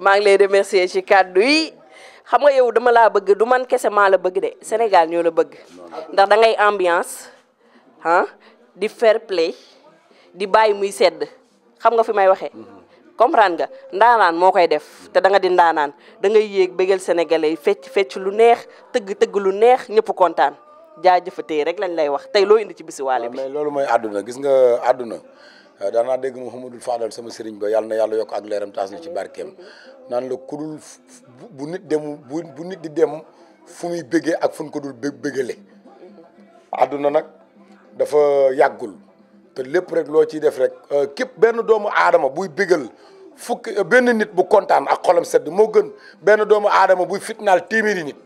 maa ngi lay remercier ci kàddu yi xam nga yow dama laa bëgg du man kese maa la bëgg de Sénégal ñoo la bëgg ndax dangay ngay ambiance ah di fair play di bàyyi muy sedd xam nga fi may waxee comprendre nga ndaanaan moo koy def te danga di ndaanaan da ngay yéeg bégal sénégalais yi fecc fecc lu neex tëgg tëgg lu neex ñëpp kontaan jaajëfatee rek lañ lay wax tey loo indi ci bisiwaale bi. loolu mooy àdduna gis nga àdduna Euh, daanaa dégg Mouhamadul Fadal sama sëriñ ba yàlla na yàlla yokk ak leeram taas na ci barkeem naan la kudul bu nit dem bu nit di dem fu muy bëggee ak fu ñu ko dul bëggale àdduna nag dafa yàggul te lépp rek loo ciy def rek euh, képp benn doomu aadama buy bégal fukki euh, benn nit bu kontaan ak xolam sedd moo gën benn doomu aadama buy fitnaal téeméeri nit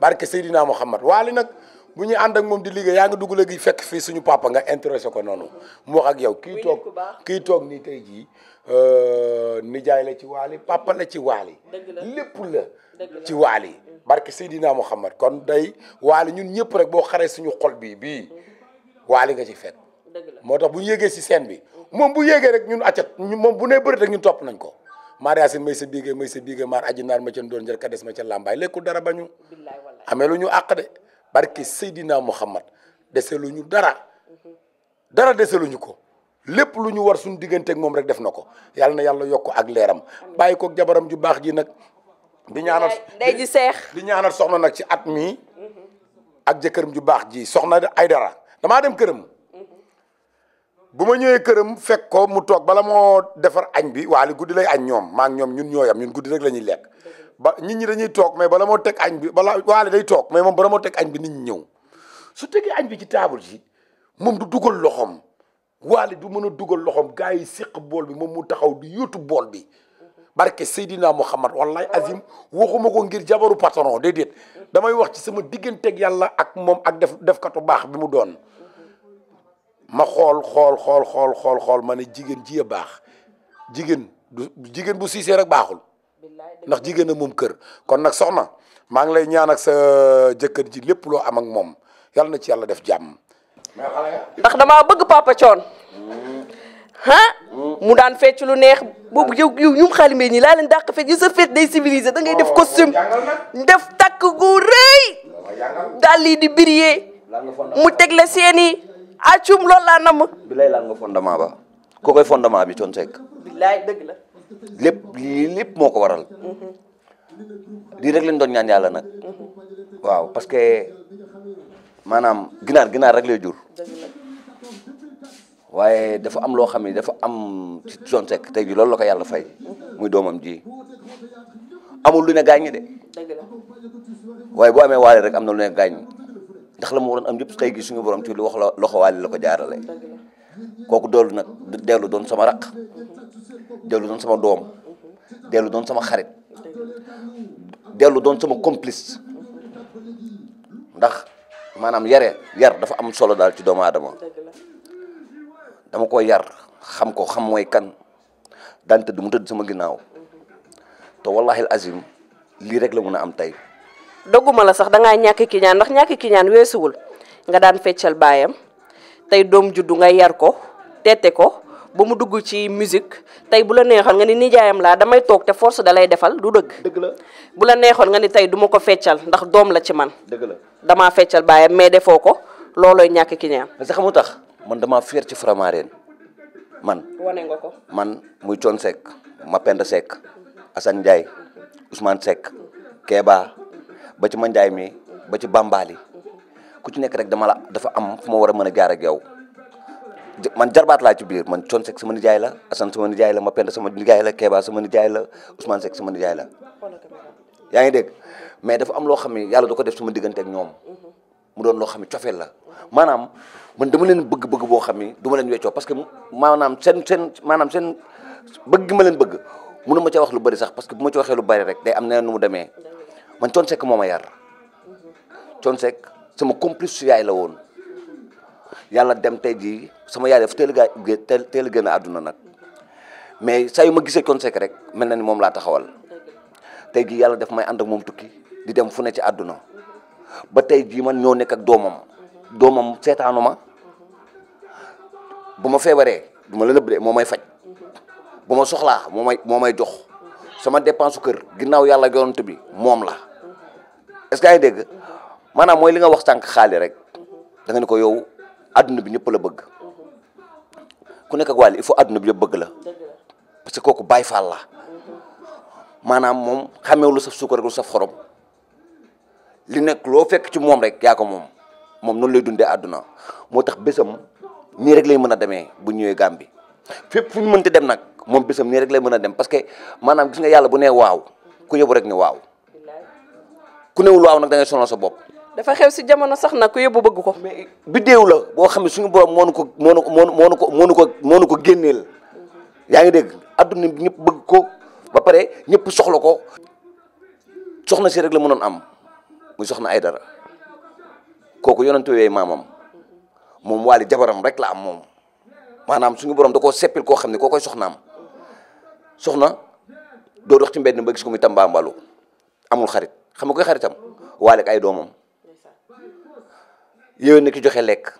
barke Seydina Muhammad waali nag bu ñu ànd ak moom di liggéey yaa ngi dugg gi fekk fii suñu papa nga intéressé ko noonu mu wax ak yow kii toog kii toog nii tey jii euh, nijaay la ci waali papa la ci waali lépp la ci waali barke Seydina Muhammad kon day waali ñun ñëpp rek boo xaree suñu xol bii bii waali nga ci fekk moo tax bu ñu yéegee si seen bi moom bu yéegee rek ñun accat moom bu nee bëri rek ñu topp nañ ko maari asin may sa biige may sa biige maar aji naar ma ca doon njël ka des ma ca làmbaay lekkul dara bañu amee lu ñu àq de barke Seydina Muhammad ñu dara dara deseluñu ko lépp lu ñu war suñu digganteek moom rek def na ko yàlla na yàlla yokk ak leeram bàyyi koog jabaram ju baax ji nag. di ñaanal day ji seex di ñaanal soxna nag ci at mii. ak jëkkëram ju baax ji soxna ay dara damaa dem këram. bu ma ñëwee këram fekk ko mu toog bala moo defar añ bi waali guddi lay añ ñoom maa ñoom ñun yam ñun guddi rek la ñuy lekk. ba nit ñi dañuy toog mais bala moo teg añ bi bala waale day toog mais moom bala moo teg añ bi nit ñi ñëw su tegee añ bi ci table ji moom du dugal loxoom waale du mën a dugal loxoom gars yi séq bool bi moom mu taxaw di yóotu bool bi barke Seydina Muhammad wallahi azim waxuma ko ngir jabaru patron déedéet damay wax ci sama digganteeg yàlla ak moom ak def defkatu baax bi mu doon ma xool xool xool xool xool xool ma ne jigéen ji baax jigéen du jigéen bu siisee rek baaxul ndax jigéen a moom kër kon nag soxna maa ngi lay ñaan ak sa jëkkër ji lépp loo am ak moom yàlla na ci yàlla def jàmm. ndax damaa bëgg papa coon ah hmm. hmm. mu daan fecc lu neex boobu yow yow ñu mu xaalimee ñi laa leen dàq fecc yu sa fet day civilisé dangay def oh, costume def takk gu rëy daal lii di biriyee mu teg la seeni i acum loolu laa namm. bi lay laal nga bi coon sekk. dëgg la. lépp lii lépp moo ko waral lii rek lañ doon ñaan yàlla nag waaw parce que maanaam ginaar ginaar rek lay jur waaye dafa am loo xam ne dafa am ci zone tey loolu la yàlla fay muy doomam ji amul lu ne gaañ de waaye boo amee waale rek am na lu ne gaañ ndax la mu waroon am yëpp tey gi suñu borom ci lu wax la loxo waale la ko jaarale kooku doolu nag dellu doon sama raq dellu doon sama doom dellu doon sama xarit dellu doon sama complice ndax maanaam yare yar dafa am solo daal ci doomu aadama dama ko yar xam ko xam mooy kan daan tëdd mu tëdd sama ginnaaw te wallahi azim lii rek la mun a am tey dogguma la sax dangaa ñàkk ki ñaan ndax ñàkk ki ñaan weesuwul nga daan feccal baayam tey doom juddu nga yar ko tete ko ba mu dugg ci musique tey bu la neexoon nga ni nijaayam laa damay toog te force da lay defal du dëgg. dëgg la bu la neexoon nga ni tey duma ko feccal ndax doom la ci man. dëgg la damaa feccal baayam mais defoo ko loolooy ñàkk ki ñaan. parce que tax man damaa fier ci Faramareen man. wane nga ko man muy Thione Seck Mapenda Seck Assane Ndiaye Ousmane Seck Kéba ba ci ma Ndiaye mi ba ci Bambali ku ci nekk rek dama la dafa am fu ma war a mën a jaar ak man jarbaat laa ci biir man Thione Seck sama nijaay la Assane sama nijaay la ma Mapenda sama nijaay la Kéba sama nijaay la Ousmane Seck sama nijaay la yaa ngi dégg mais dafa am loo xam ne yàlla du ko def sama diggante ak ñoom mu doon loo xam ne cofeel la maanaam man dama leen bëgg-bëgg boo xam ne du ma leen weccoo parce que maanaam seen seen maanaam seen bëgg ma leen bëgg mënu ma ca wax lu bëri sax parce que bu ma ci waxee lu bari rek day am neneen nu mu demee man Thione Seck moo ma yar Thione Seck sama complice su yaay la woon yàlla dem tey jii sama yaay dafa teel a gaa teel teel a génn àdduna nag mais saa yu ma gisee conseil rek mel na ni moom laa taxawal tey jii yàlla daf may ànd ak moom tukki di dem fu ne ci àdduna ba tey jii man ñoo nekk ak doomam doomam seetaanu ma bu ma feebaree du ma la nëbb de moo may faj bu ma soxlaa moo may moo may jox sama dépense kër ginnaaw yàlla yonent bi moom la est-ce que yaa ngi dégg maanaam mooy li nga wax sànq xaali rek da ni ko yow. aduna bi ñëpp la bëgg ku nekk ak wàll il faut adduna bi ñëpp bëgg la parce que kooku Baay Faal la maanaam moom xamewul lu saf suukar rek lu saf xorom li nekk loo fekk ci moom rek yaa ko moom moom noonu lay dundee àdduna moo tax bésam nii rek lay mën a demee bu ñëwee Gàmbi fépp fu ñu mënti dem nag moom bésam nii rek lay mën a dem parce que maanaam gis nga yàlla bu nee waaw ku yóbbu rek ne waaw ku newul waaw nag da ngay sa bopp dafa xew si jamono sax nag ku yóbbu bëgg ko. mais biddéew la boo xam ne suñu borom moo ko moo nu moo nu ko moo ko moo ko génneel. yaa ngi dégg adduna bi ñëpp bëgg ko ba pare ñëpp soxla ko soxna si rek la mënoon am muy soxna ay dara kooku yonentu yooyu maamam moom waali jabaram rek la am moom maanaam suñu borom da koo seppil koo xam ne koo koy soxnaam soxna doo dox ci mbedd ba gis ko muy tambaambalu amul xarit xam nga koy xaritam waale ak ay doomam. yéwén na ci joxe lekk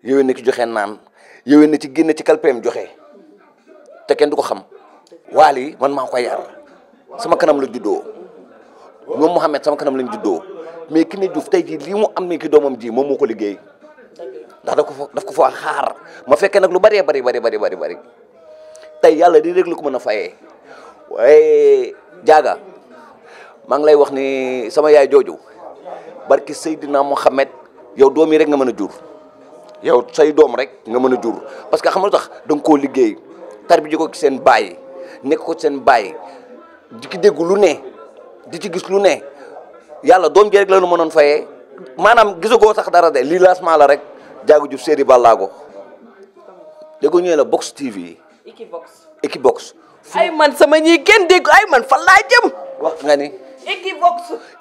yéwén na ci joxe naan yéwén na ci génn ci kalpeem joxe te kenn du ko xam Wally man maa ko yar sama kanam la juddoo ñoom Mouhamed sama kanam lañ juddoo mais ki ne Diouf tey jii lii mu am ni ki doomam ji moom moo ko liggéey ndax daf ko fa daf ko fa xaar ma fekkee nag lu bëree bëri bëri bëri bëri bëri yàlla di rek la ko mën a fayee waaye jaaga maa ngi lay wax ni sama yaay jooju barki Seydina Mouhamed yow doom yi rek nga mën a jur yow say doom rek nga mën a jur parce que xam nga tax da nga koo liggéey tarbi ji ko ci seen baay nekk ko seen baay di ki dégg lu ne di ci gis lu ne yàlla doom ji rek la nu mënoon faye maanaam gisagoo sax dara de lii lancement la rek jaagu jub séeri bàllaago déggoo ñëwee la Box TV. Equivox Equivox. ay man sama ñii kenn dégg ay man fan laa Equivox.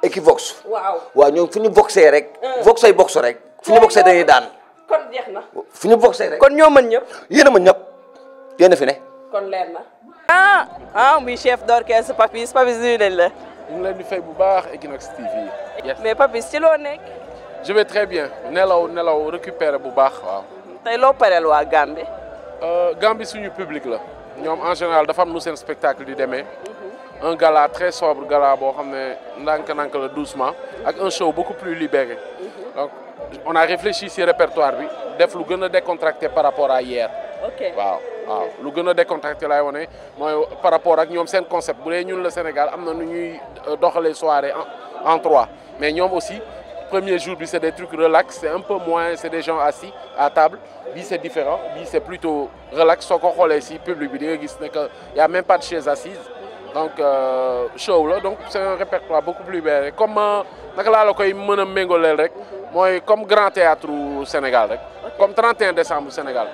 Equivox. waaw waaw ñoom fu ñu boxee rek. vox eh. ay box rek. fu ñu boxee dañuy daan. kon jeex na. fu ñu boxee rek. kon ñoom man ñëpp. yéen a mën ñëpp yéen a fi ne. kon leer na. ah ah muy chef d'orchestre Papis Papis nuyu nañ la. ñu ngi leen di fay baax Equivox TV. mais Papis ci loo nekk. je vais très bien nelaw nelaw récupérer bu baax waaw. tey loo pareel waa Gambie. Euh, Gambie suñu public la. ñoom en général dafa am nu seen spectacle di demee. un gala très sobre gala boo xam ne ndànk-ndànk la doucement ak un show beaucoup plus libéré donc on a réfléchi ci répertoire bi def lu gën a décontracté par rapport à hier ok waaw waaw lu gën a décontracté laay wane mooy par rapport ak ñoom seen concept bu dee ñun la Sénégal am na nu ñuy euh, doxalee soirée en trois mais ñoom aussi premier jour bi c'est des trucs relax c'est un peu moins c'est des gens assis à table bi c'est différent plutôt relax soo ko xoolee ci public bi di nga gis ne que y a même pas de chaise donc euh, show la donc c'est un beaucoup plus bel comme euh, naka laa la koy mën a méngoleel rek mooy comme grand théâtre Sénégal rek comme 31 décembre Sénégal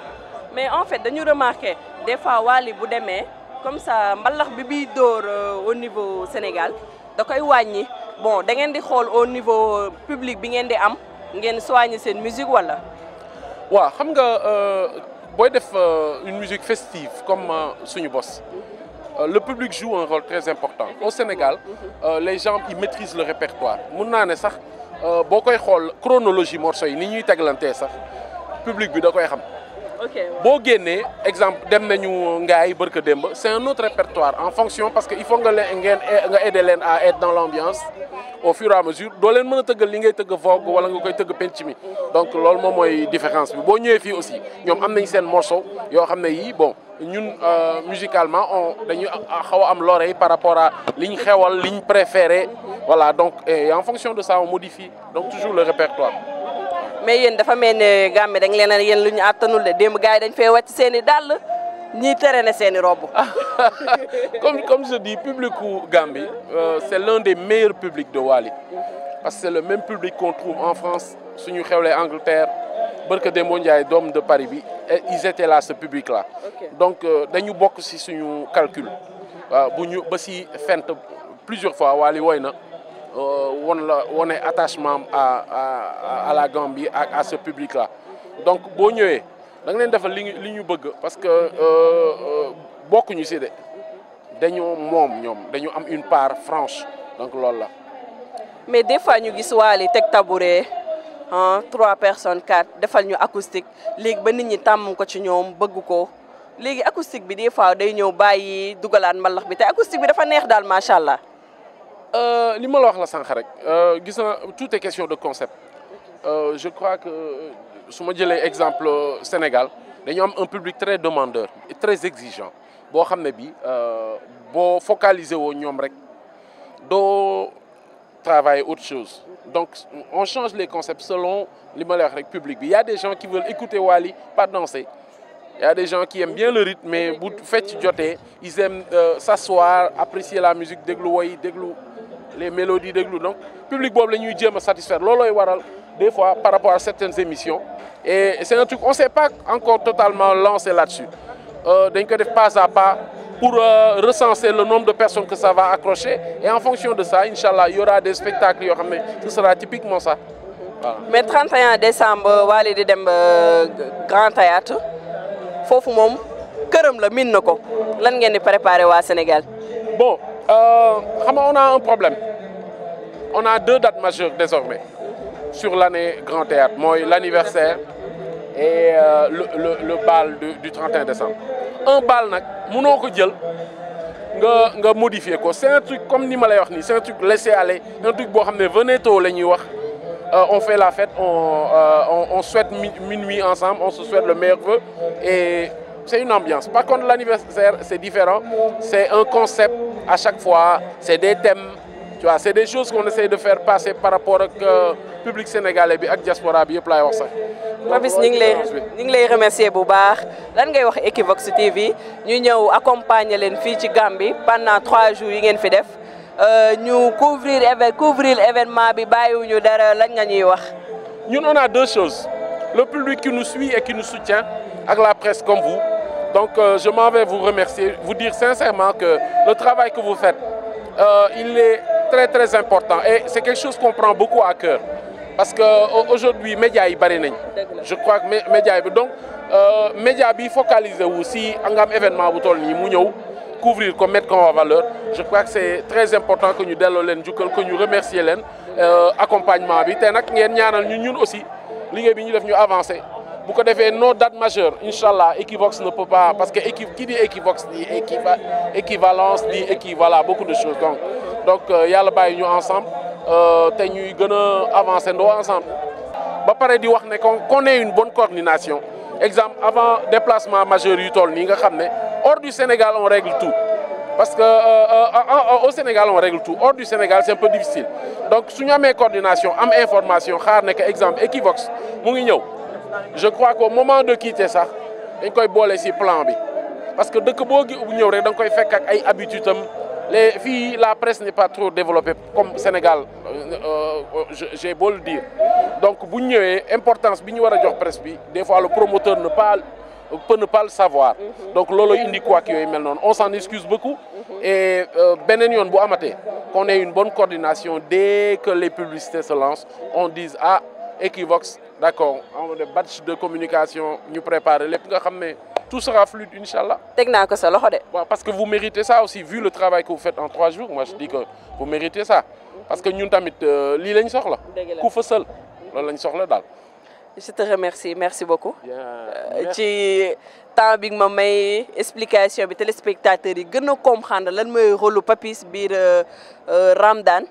mais en fait dañu remarqué des fois Wally bu demee comme ça mbalax bi biy dóor euh, au niveau Sénégal da koy wàññi bon da ngeen di xool au niveau public bi ngeen di am ngeen soigner seen musique wala waaw xam nga booy def une musique festive comme suñu bos mm-hmm. Euh, le public joue un rôle très important au Sénégal mhm. euh, les gens ils maîtrisent le répertoire mun naa ne sax euh, boo koy xool chronologie morceau yi ni ñuy teglantee sax public bi da koy xam boo génnee exemple dem nañu Ngaay bërka démb c'est un autre répertoire en fonction parce que il faut nga leen ngeen nga leen à être dans l'ambiance au fur à mesure doo mën a tëggal li ngay tëgg vogue wala nga koy tëgg penc mi donc loolu moom mooy différence bi boo ñëwee fi aussi ñoom am nañ seen morceau yoo xam ne yii bon ñun euh, musicalement on dañu xaw am l'oreille par rapport à liñ xewal liñ préféré voilà donc en fonction de ça on modifie donc toujours le répertoire mais yéen dafa mel ne gàmme dañ leen yéen lu ñu àttanul de démb gars yi dañ fee wàcc seen i dàll ñiy tere ne seen i robb comme comme je dis publicu Gambie euh, est l'un des meilleurs publics de Wali parce que le même public qu'on trouve en France suñu xewlee Angleterre barke Demba Ndiaye doom de Paris bi ils étaient là ce public là donc euh, dañu bokk si suñu calcul waaw bu ñu ba si fent plusieurs fois Wali woy na Euh, won la wone attachement à à la Gambie ak à ce public là donc boo ñëwee da nga leen defal li ñu li ñu bëgg parce que euh, euh, bokkuñu si de dañoo moom ñoom dañu am une part franche donc loolu la. mais des fois ñu gis Wally teg tabouret ah trois personnes quatre defal ñu acoustique léegi ba nit ñi tàmm ko ci ñoom bëgg ko léegi acoustique bi des fois day ñëw bàyyi dugalaat mbalax bi te acoustique bi dafa neex daal macha allah. Euh, li ma la wax la sànq rek euh, gis na tout est question de concept euh, je crois que su ma jëlee exemple euh, Sénégal dañu am un public très demandeur et très exigeant boo xam ne bi boo focaliser woo ñoom rek doo travailler autre chose donc on change les concepts selon li ma la wax rek public bi y a des gens qui veulent écouter Wally pas danser y a des gens qui aiment bien le rythme mais bu fecc jotee ils aiment euh, s'asseoir apprécier la musique déglu woy déglu les mélodies déglu donc public boobu la ñuy jéem a satisfaire loolooy waral des fois par rapport à certaines émissions et c'est un truc on pas encore totalement lancé là-dessus euh, dañ ko def pas à pas pour euh, recenser le nombre de personnes que ça va accrocher et en fonction de ça incha allah y aura des spectacles yoo xam ne ce sera typiquement ça voilà. mais 31 décembre Wally di dem foofu moom këram la miin na ko lan ngeen di préparer waa Sénégal. bon euh, xam nga on a un problème on a deux dates majeures désormais sur l'année Grand Théâtre mooy l'anniversaire et euh, le bal du du 31 décembre. un bal nag mënoo ko jël nga nga modifier ko c'est un truc comme ni ma lay wax ni c'est un truc laisser aller un truc boo xam ne veneto la ñuy wax. Euh, on fait la fête, on, euh, on, on souhaite minuit ensemble, on se souhaite le meilleur vœu et c'est une ambiance. Par contre, l'anniversaire, c'est différent. C'est un concept à chaque fois, c'est des thèmes, tu vois, c'est des choses qu'on essaie de faire passer par rapport ak euh, public sénégalais bi ak diaspora bi yëpp laay wax sax. ñu ngi lay ñu ngi lay remercier bu baax lan ngay wax Equivox TV ñu ñëw accompagner leen fii ci Gambie pendant trois jours yi ngeen fi def. Euh, ñu couvrir évén couvrir événement bi bàyyiwuñu dara lan nga ñuy wax. ñun on a deux choses le public qui nous suit et qui nous soutient ak la presse comme vous donc euh, je m'en vais vous remercier vous dire sincèrement que le travail que vous faites euh, il est très très important et c'est quelque chose qu'on prend beaucoup à cœur parce que euh, aujourd'hui média yi bari nañ je crois que média bi donc média bi focaliser wu si nga am événement bu toll nii mu ñëw couvrir ko mettre ko en valeur je crois que c'est très important que ñu delloo leen njukkal ko ñu remercier leen euh, accompagnement bi te nag ngeen ñaanal ñu ñun aussi liggéey bi ñu def ñu avancer bu ko defee non dates majeures incha allah Equivox ne peut pas parce que équi qui dit Equivox dit équiva équivalence dit équi voilà beaucoup de choses donc donc euh, yàlla bàyyi ñu ensemble euh, te ñuy gën a avancer ndoo ensemble. ba pare di wax ne qu'on ait une bonne coordination exemple avant déplacement majeur yu toll nii nga xam ne. Hors du Sénégal, on règle tout. Parce que euh euh, euh, euh, euh, au Sénégal, on règle tout. Hors du Sénégal, c'est un peu difficile. Donc, si nous avons une coordination, une information, un exemple, Equivox, je crois qu'au moment de quitter ça, on peut boler si plan. bi Parce que dès que vous êtes on peut faire des habitudes. Les filles, la presse n'est pas trop développé comme au Sénégal, euh, j'ai beau le dire. Donc, si nous avons a jox la bi des fois le promoteur ne peut ne pas le savoir. Mhm. donc looloo indi couac yooyu mel noonu on s'en excuse beaucoup. Mhm. et euh, beneen yoon bu amate qu'on ait une bonne coordination dès que les publicités se lancent on dise ah Equivox d'accord on a batch de communication ñu préparer lépp nga xam ne tout sera fluide incha allah. teg naa ko de. waaw parce que vous méritez ça aussi vu le travail que vous faites en trois jours moi je dis que vous méritez ça parce que ñun tamit euh, lii lañ soxla. ku fësal loolu lañ soxla daal. je te remercie merci beaucoup. Euh, ci temps bi ma may explication bi téléspectateurs yi gën a comprendre lan mooy rôle lu Papis biir euh, euh, Ramdan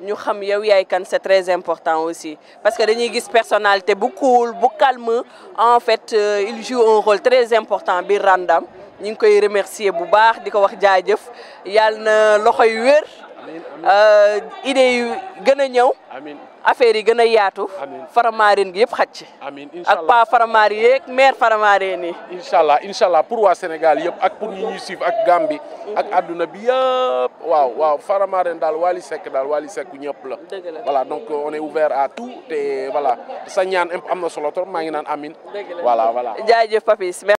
ñu xam yow yaay kan c'est très important aussi parce que dañuy gis personalité bu cool bu calme en fait il joue un rôle très important biir Ramdan ñu ngi koy remercier bu baax di ko wax jaajëf yàlla na loxoy wér. Euh, idée gën a ñëw. affaire yi gën a yaatu. Faramareen gi yëpp xacc ci. ak pa Faramareen yeeg maire Faramareen yi. incha allah pour waa Sénégal yëpp ak pour ak Gambie. ak àdduna bi yëpp. waaw waaw Faramareen daal Wally Seck daal Wally Seck ñëpp la. donc euh, on est ouvert à tout te voilà sa am na solo trop maa ngi naan amin voilà voilà